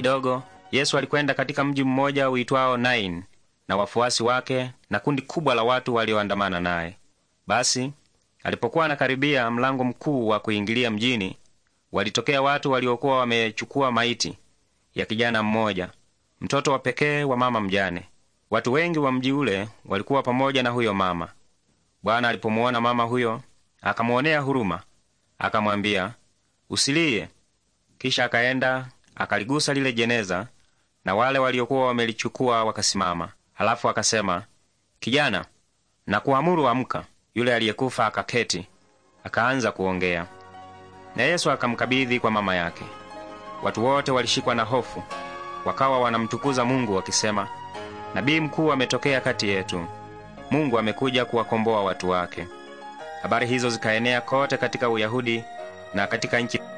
kidogo, Yesu alikwenda katika mji mmoja uitwao Nain na wafuasi wake na kundi kubwa la watu walioandamana naye. Basi alipokuwa anakaribia mlango mkuu wa kuingilia mjini, walitokea watu waliokuwa wamechukua maiti ya kijana mmoja, mtoto wa pekee wa mama mjane. Watu wengi wa mji ule walikuwa pamoja na huyo mama. Bwana alipomuona mama huyo, akamwonea huruma, akamwambia, usilie. Kisha akaenda Akaligusa lile jeneza, na wale waliokuwa wamelichukua wakasimama. Halafu akasema, Kijana, nakuamuru amka. Yule aliyekufa akaketi, akaanza kuongea. Na Yesu akamkabidhi kwa mama yake. Watu wote walishikwa na hofu, wakawa wanamtukuza Mungu wakisema, nabii mkuu ametokea kati yetu. Mungu amekuja kuwakomboa watu wake. Habari hizo zikaenea kote katika Uyahudi na katika nchi